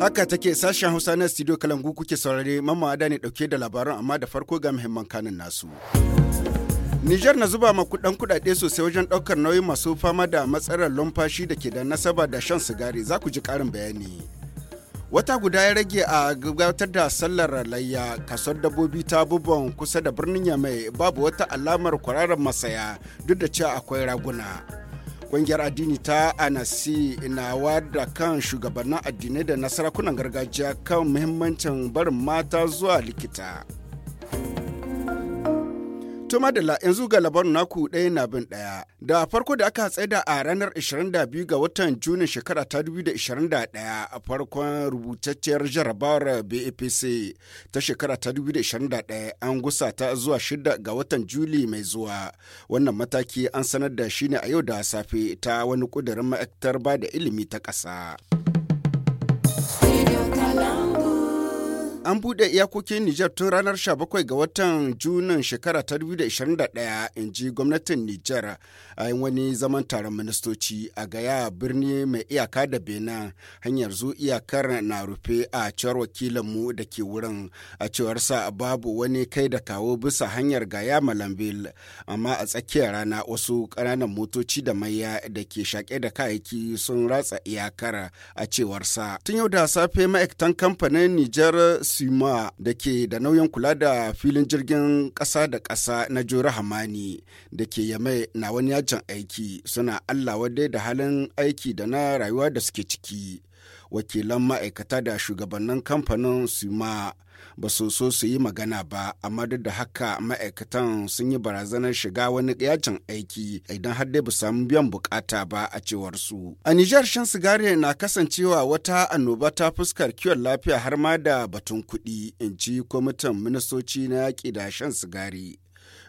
Haka take sashen Hausa na studio Kalangu kuke saurare mamma ada ne dauke da labaran amma da farko ga muhimman kanin nasu. Nijar na zuba ma kudan kudade sosai wajen daukar nauyin masu fama da matsalar lumfashi da ke da nasaba da shan sigari za ku ji karin bayani. Wata guda ya rage a gabatar da sallar layya kasuwar dabbobi ta bubon kusa da birnin Yamai babu wata alamar kwararar masaya duk da cewa akwai raguna. Ƙungiyar addini ta Anasi na da kan shugabannin addinai da na sarakunan gargajiya kan muhimmancin barin mata zuwa likita. Tuma da la yanzu ga labarin naku ɗaya na bin ɗaya. Da farko da aka tsaida a ranar 22 ga watan Junin shekara ta 2021 a farkon rubutacciyar jarabawar BAPC ta shekara ta 2021 an gusa ta zuwa shida ga watan Juli mai zuwa. Wannan mataki an sanar da shi ne a yau da safe ta wani ƙudurin ma'aikatar ba da ilimi ta ƙasa. An buɗe iyakokin Nijar tun ranar 17 ga watan Junin shekara ta 2021 in ji gwamnatin Nijar a yin wani zaman taron ministoci a gaya birni mai iyaka da Benin hanyar zu iyakar na rufe a cewar wakilinmu da ke wurin a cewar sa, babu wani kai da kawo bisa hanyar gaya Malambil amma a tsakiyar rana wasu ƙananan motoci da maiya da ke shaƙe da kayayyaki sun ratsa iyakar a cewar sa. Tun yau da safe ma'aikatan kamfanin Nijar sima da ke da nauyin kula da filin jirgin ƙasa da ƙasa na jori hamani da ke yamai na wani yajin aiki suna allah wadai da halin aiki da na rayuwa da suke ciki wakilan ma'aikata da shugabannin kamfanin su ma ba su so su yi magana ba amma duk da haka ma'aikatan sun yi barazanar shiga wani yajin aiki idan har dai ba samu biyan bukata ba a cewar su a nijar shan sigari na kasancewa wata annoba ta fuskar kiwon lafiya har ma da batun kuɗi in ci kwamitin ministoci na yaƙi da shan sigari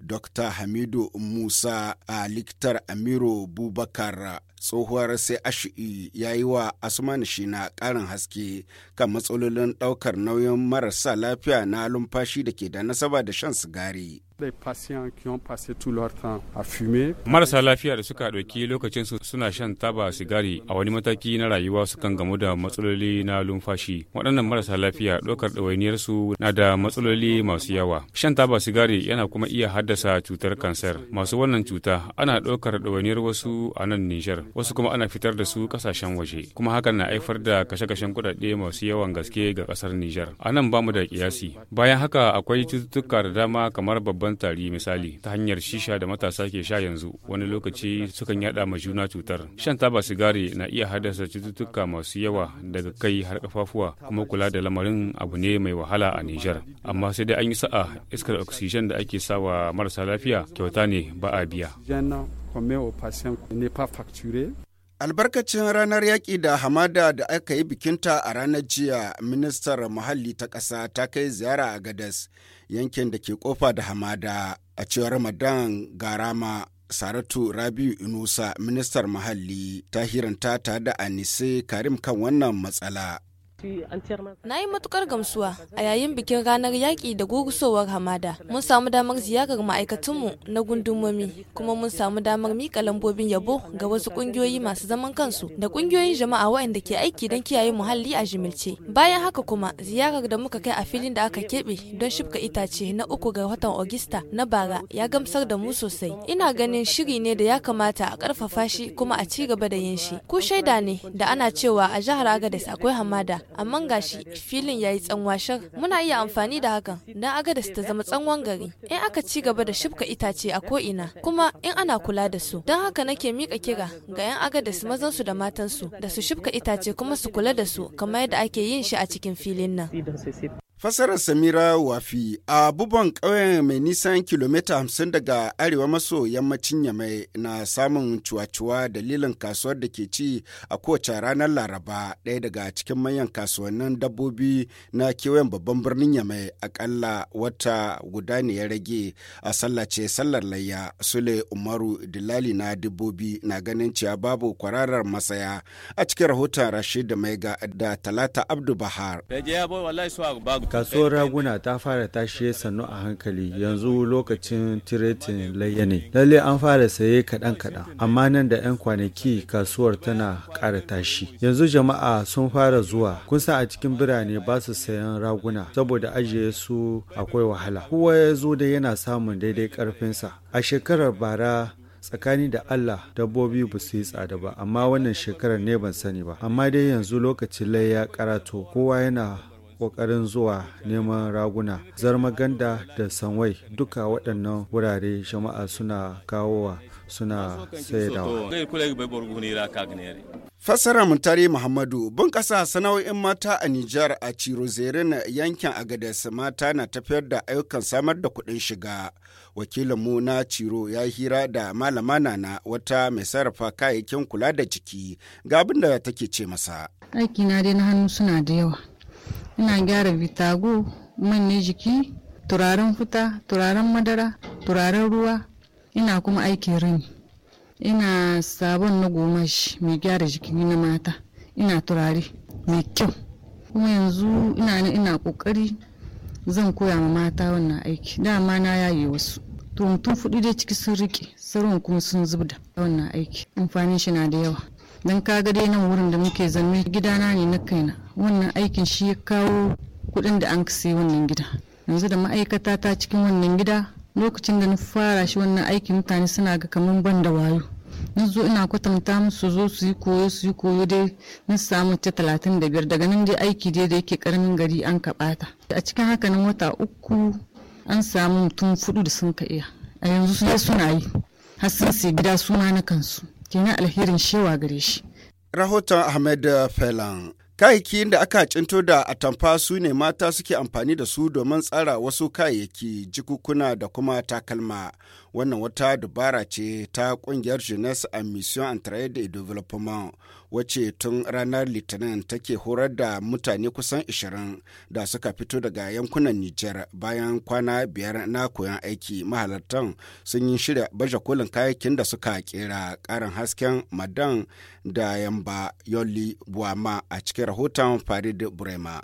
Dr. Hamidu Musa a likitar amiru Bubakar tsohuwar sai ashi'i ya yi wa shi na ƙarin haske kan matsalolin ɗaukar nauyin marasa lafiya na lumfashi da ke da nasaba da shan sigari. Marasa lafiya da suka ɗauki lokacinsu suna shan taba sigari a wani mataki na rayuwa sukan gamu da matsaloli na lumfashi. Waɗannan marasa lafiya ɗaukar ɗawainiyarsu na da matsaloli masu yawa. Shan taba sigari yana kuma iya haddasa cutar kansar. Masu wannan cuta ana ɗaukar ɗawainiyar wasu a nan Nijar, wasu kuma ana fitar da su ƙasashen waje. Kuma hakan na haifar da kashe-kashen kuɗaɗe masu yawan gaske ga ƙasar Nijar. A nan bamu da kiyasi. Bayan haka akwai cututtuka da dama kamar babban babban tari misali ta hanyar shisha da matasa ke sha yanzu wani lokaci sukan yada ma juna cutar shan taba sigari na iya haddasa cututtuka masu yawa daga kai har kafafuwa kuma kula da lamarin abu ne mai wahala a Nijar amma sai dai an yi sa'a iskar oxygen da ake sawa marasa lafiya kyauta ne ba a biya Albarkacin ranar yaƙi da hamada da aka yi bikinta a ranar jiya, ministar muhalli ta ƙasa ta kai ziyara a Gadas. yankin da ke kofa da hamada a cewar Ramadan Garama Saratu Rabiu Inusa ministar muhalli ta hiranta tare da Anise Karim kan wannan matsala. Na yi matukar gamsuwa a yayin bikin ranar yaƙi da gurgusowar hamada. Mun samu damar ziyarar ma'aikatunmu na gundumomi kuma mun samu damar mika lambobin yabo ga wasu ƙungiyoyi masu zaman kansu da ƙungiyoyin jama'a waɗanda ke aiki don kiyaye muhalli a jimilce. Bayan haka kuma ziyarar da muka kai a filin da aka keɓe don shifka itace na uku ga watan Ogista na bara ya gamsar da mu sosai. Ina ganin shiri ne da ya kamata a ƙarfafa shi kuma a ci gaba da yin shi. Ku shaida ne da ana cewa a jihar Agadez akwai hamada amma gashi filin ya yi tsanwa shar muna iya amfani da hakan don agadas ta zama tsanwan gari in aka ci gaba da shibka itace a ko ina kuma in ana kula da su don haka nake mika kira ga 'yan agadas mazan su da matan su da su shibka itace kuma su kula da su kamar yadda ake yin shi a cikin filin nan Fasarar Samira Wafi a buban ƙauyen mai nisan kilomita hamsin daga arewa maso yammacin Yamai na samun cuwa-cuwa dalilin kasuwar da ke ci a kowace ranar Laraba ɗaya daga cikin manyan kasuwannin dabbobi na kewayen babban birnin Yamai akalla wata guda ne ya rage a sallace sallar layya Sule Umaru Dilali na dabbobi na ganin cewa babu kwararar masaya a cikin rahoton Rashid Maiga da Talata Abdu Bahar. kasuwar raguna ta fara tashi sannu a hankali yanzu lokacin tiretin layya ne lalle an fara saye kaɗan kaɗan amma nan da 'yan kwanaki kasuwar tana ƙara tashi yanzu jama'a sun fara zuwa kun sa a cikin birane ba su sayan raguna saboda ajiye su akwai wahala kowa ya zo da yana samun daidai ƙarfinsa a shekarar bara tsakani da Allah dabbobi ba su yi tsada ba amma wannan shekarar ne ban sani ba amma dai yanzu lokacin lai ya karato kowa yana ƙoƙarin zuwa neman raguna zarmaganda da sanwai duka waɗannan wurare jama'a suna kawowa suna saidawa Fassara mutare Muhammadu bunƙasa sana'o'in mata a Nijar a Ciro Cirozerin yankin Agadez mata na tafiyar da ayyukan samar da kuɗin shiga. Wakilinmu na Ciro ya hira da malama na wata mai sarrafa kayayyakin kula da jiki ga abin da take ce masa. Aiki na dai na hannu suna da yawa ina gyara vitago manne jiki turaren fita turaren madara turaren ruwa ina kuma aikin rini ina sabon na shi mai gyara jiki na mata ina turare mai kyau kuma yanzu ina nan ina kokari zan koya ma mata wannan aiki dama na yaye wasu tuntun fudu dai ciki sun rike sauran kuma sun zubda wannan aiki amfanin shi na da yawa don kaga dai nan wurin da muke zanne gidana ne na kaina wannan aikin shi ya kawo kuɗin da an kasi wannan gida yanzu da ma'aikata ta cikin wannan gida lokacin da na fara shi wannan aikin mutane suna ga kamar ban da wayo na zo ina kwatanta musu zo su yi koyo su yi koyo dai na samu ta talatin da biyar daga nan dai aiki dai da yake karamin gari an kaɓata a cikin haka nan wata uku an samu mutum fudu da sun ka iya a yanzu su suna yi har sun gida suna na kansu kenan alherin shewa gare shi rahoton ahmed felan kayayyakin da aka cinto da atamfa su ne mata suke amfani da su domin tsara wasu kayayyaki jikukuna da kuma takalma Wannan wata dubara ce ta kungiyar Jeunesse a Mission trade de Development wacce tun ranar Litinin take horar da mutane kusan 20 da suka fito daga yankunan Nijar bayan kwana biyar na koyon aiki mahalartan sun yi shirya baje kolin kayakin da suka kera karin hasken madan da yamba Yoli Buama a cikin rahoton Farid Burema.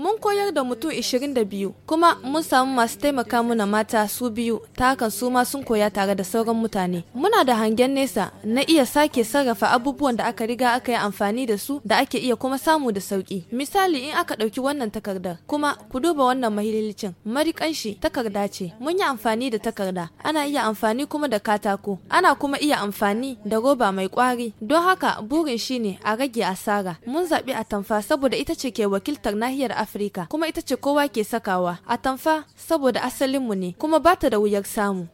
Mun koyar da mutum 22 kuma mun samu masu taimaka muna mata su biyu ta hakan su ma sun koya tare da sauran mutane. Muna da hangen nesa na iya sake sarrafa abubuwan da aka riga aka yi amfani da su da ake iya kuma samu da sauki. Misali in aka ɗauki wannan takardar kuma ku duba wannan mari marikanshi takarda ce mun yi amfani da takarda ana iya amfani kuma da katako ana kuma iya amfani da roba mai kwari don haka burin shine a rage asara mun zaɓi tamfa saboda ita ce ke wakiltar nahiyar Afirka. Afirka kuma ita ce kowa ke sakawa a tamfa saboda asalinmu ne kuma ba ta da wuyar samu.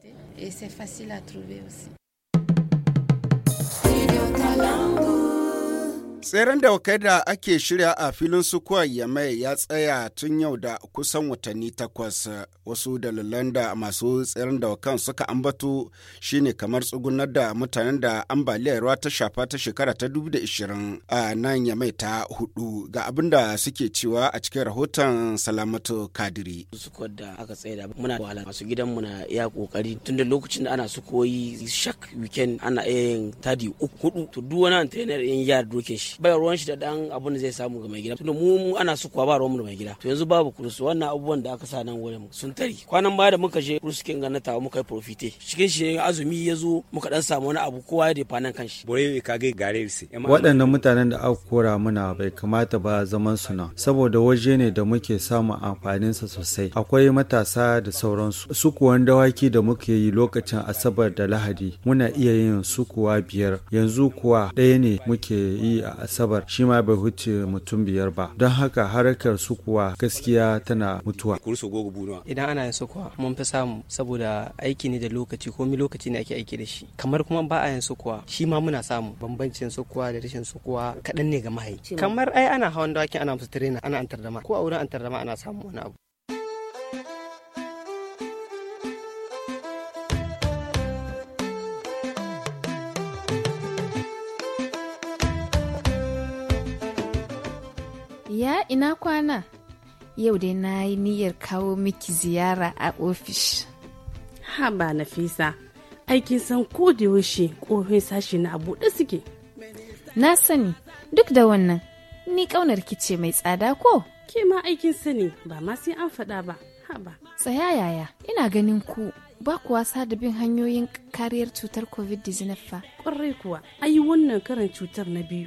tseren da wakai da ake shirya a filin sukuwa yamai ya tsaya tun yau da kusan watanni takwas wasu dalilan da masu tseren da wakan suka ambato shine kamar tsugunar da mutanen da ambaliyar ruwa ta shafa ta shekara ta 2020 a nan yamai ta hudu ga abin da suke cewa a cikin rahoton salamatu kadiri sukuwar da aka tsaya da muna wahala masu gidan muna iya kokari tunda lokacin da ana sukoyi shak wikend ana iya yin tadi uku hudu to duk wani antenar yin yar dokin shi bai ruwan shi da dan abun da zai samu ga mai gida tunda mu ana kuwa ba ruwan mu da mai gida to yanzu babu kursu wannan abubuwan da aka sa nan wurin sun tari kwanan baya da muka je kursu kin ga na tawo muka profite cikin shi azumi ya zo muka dan samu wani abu kowa da fanan kanshi bore ka ga gare su waɗannan mutanen da aka kora muna bai kamata ba zaman su na saboda waje ne da muke samu amfanin sa sosai akwai matasa da sauransu sukuwan dawaki da muke yi lokacin asabar da lahadi muna iya yin su kuwa biyar yanzu kuwa ɗaya ne muke yi a asabar shi ma bai huce mutum biyar ba don haka harakar sukuwa gaskiya tana mutuwa idan ana yin sukuwa mun fi samu saboda aiki ne da lokaci ko mi lokaci ne ake aiki da shi kamar kuma ba a yin sukuwa shi ma muna samu bambancin sukuwa da rashin sukuwa kaɗan ne ga mahai kamar ai ana hawan dawakin ana musu tirena ana antardama ko a wurin antardama ana samu wani abu ina kwana yau dai na yi niyyar kawo miki ziyara a ofis ha ba nafisa aikin san ko da yaushe ƙofin sashi na buɗe suke na sani duk da wannan ni ƙaunar kice mai tsada ko ke ma aikin sani ba ma sai an faɗa ba haba tsaya yaya ina ganin ku ba ku wasa da bin hanyoyin kariyar cutar covid-19 fa ƙwarai kuwa ayi wannan karin cutar na biyu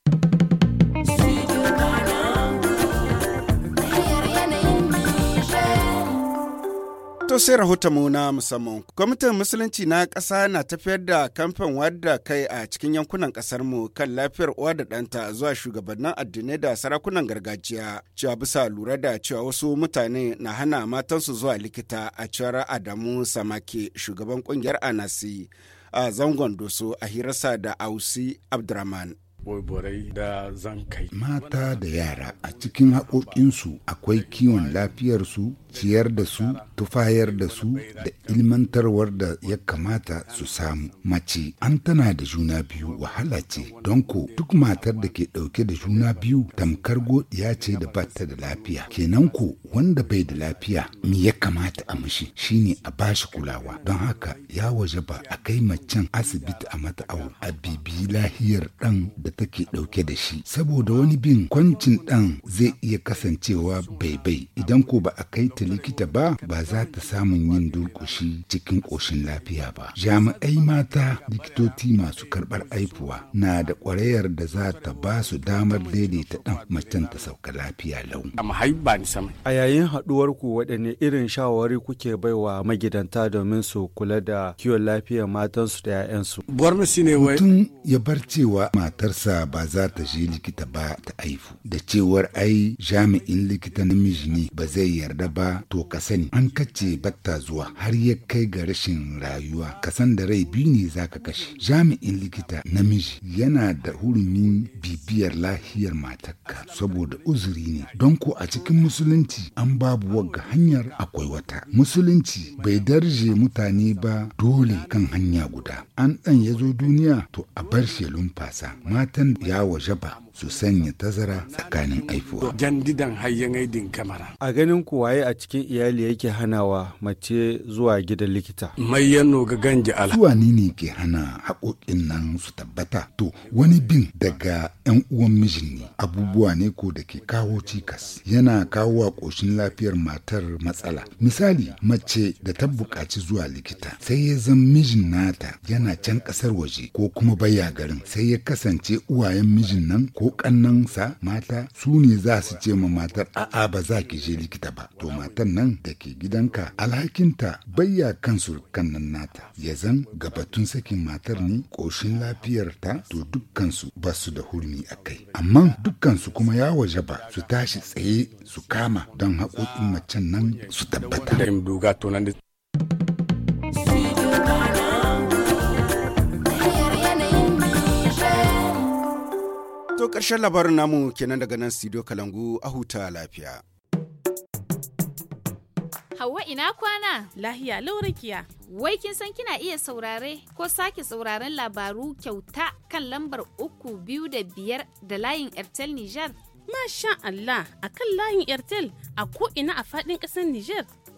To sai mu na musamman. Kwamitin Musulunci na ƙasa na tafiyar da kamfen wadda kai a cikin yankunan ƙasarmu kan lafiyar uwa da ɗanta zuwa shugabannin addinai da sarakunan gargajiya. Cewa bisa lura da cewa wasu mutane na hana matansu zuwa likita a cewar Adamu Samake shugaban ƙungiyar Anasi a zangon doso a hirarsa da Ausi Abdurrahman. boiborai da kai. Mata da yara a cikin haƙoƙinsu akwai kiwon lafiyarsu, ciyar da su, tufayar da su da ilmantarwar da ya kamata su samu. Mace an tana da juna biyu wahala ce, don ko duk matar da ke ɗauke da juna biyu tamkar godiya ce da bata da lafiya. Kenan ko wanda bai da lafiya me ya kamata a shi shine a bashi kulawa. Don haka ya waje ba a kai macen asibiti a mata awo a bibi lahiyar ɗan da da take dauke da shi saboda wani bin kwancin dan zai iya kasancewa bai bai idan ko ba a kai ta likita ba ba za ta samun yin dukushi cikin koshin lafiya ba jami'ai mata likitoci masu karɓar aifuwa na da ƙwarayar da za ta ba su damar daidaita dan macen ta sauka lafiya lau a yayin haɗuwar ku waɗanne irin shawarwari kuke baiwa magidanta domin su kula da kiwon lafiyar matansu da 'ya'yansu mutum ya bar cewa matarsa sa ba za ta je likita ba ta aifu da cewar ai jami'in likita namiji ne ba zai yarda ba to ka sani an kace batta zuwa har ya kai ga rashin rayuwa ka san da rai biyu ne za ka kashe jami'in likita namiji yana da hurumin bibiyar lahiyar matarka saboda uzuri ne don ko a cikin musulunci an babu wagga hanyar akwai wata musulunci bai darje mutane ba dole kan hanya guda an ɗan ya zo duniya to a bar shi fasa matan ya waje ba su sanya tazara tsakanin aifuwa. Jandidan hayyan kamara. A ganin kuwaye a cikin iyali yake hanawa mace zuwa gidan likita. Mai yano ga ganji ala. Zuwa ni ne ke hana haƙoƙin nan su tabbata. To wani bin daga 'yan uwan mijin ne abubuwa ne ko da ke kawo cikas. Yana kawo a ƙoshin lafiyar matar matsala. Misali mace da ta buƙaci zuwa likita sai ya zan mijin nata yana can ƙasar waje ko kuma baya garin sai ya kasance uwayen mijin nan ko ko sa mata su ne za su ce ma matar a'a ba za ki je likita ba to matan nan da ke gidanka alhakinta bayya kan surukan nan nata ya zan gabatun sakin matar ne ƙoshin lafiyarta to dukkansu ba su da hurmi a kai amma dukkansu kuma ya waje ba su tashi tsaye su kama don haƙoƙin macen nan su tabbata Ƙarshen labarin namu kenan daga nan studio Kalangu a huta lafiya. Hauwa ina kwana? Lahiya laurakiya. Wai kin san kina iya saurare ko sake sauraren labaru kyauta kan lambar uku biyu da biyar da layin Airtel Niger? Masha Allah a kan layin Airtel a ko ina a faɗin ƙasar Niger.